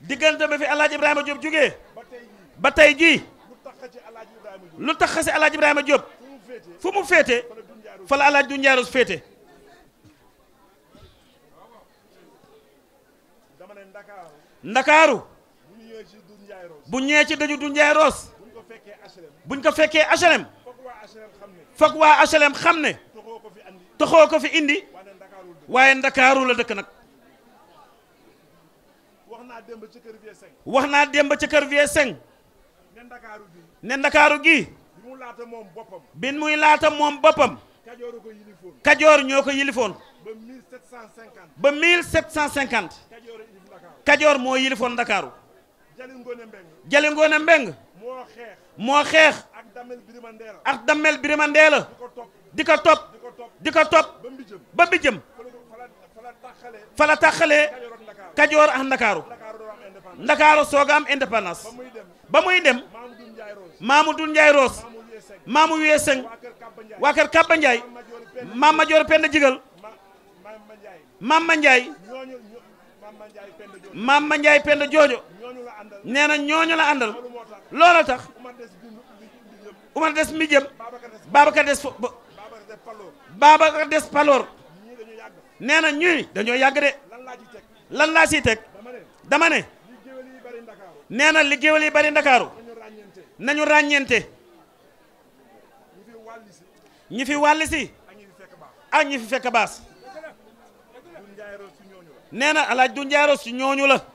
diggante ba fi El Ibrahima Diop ba fi tey jii ba tey jii. lu tax a ci El Hadj Ibrahima Diop. lu tax a ci El Hadj Ibrahima Diop. fu mu féete fa la El Hadj féete. Ndakaaru. bu ñëwee ci Doudou Ndiarouz. bu ñëwee ko fekkee HLM. buñ H&M. waa HLM xam ne. H&M taxoo ko fi indi. waaye Ndakaaru la dëkk nag. naa ca kër Vieux Seng. wax naa démb ca kër Vieux Seng. ne ndakaaru gi. ne ndakaaru gi. bi muy laata moom boppam. bi muy laata moom boppam. kajoor ko yilifoon. kajoor ñoo ko yilifoon. ba kajoor moo yilifoon ndakaaru. Jali Mbeng. moo xeex. moo xeex. ak Damel Birima di ko topp di ko topp. ba Mbijëm ba taxalee. kajoor ak ndakaaru. ndakaaro sooga am indépendance ba muy dem Mamadou Ndiaye Roos maamu wiye seng waa kër Kaba Ndiaye maam Majoor Penda Jigal maam ma Ndiaye maam ma Ndiaye Penda Joojo nee na ñooñu la àndal loola tax Umar des mi jëm Babacar des fo Babacar nee na ñuy dañoo yàgg de lan laa ciy teg dama ne. nee na li géwél yi bari ndakaaru nañu ràññeente ñi fi wàll si ak ñi fi fekk baas nee na njaaro si ñooñu la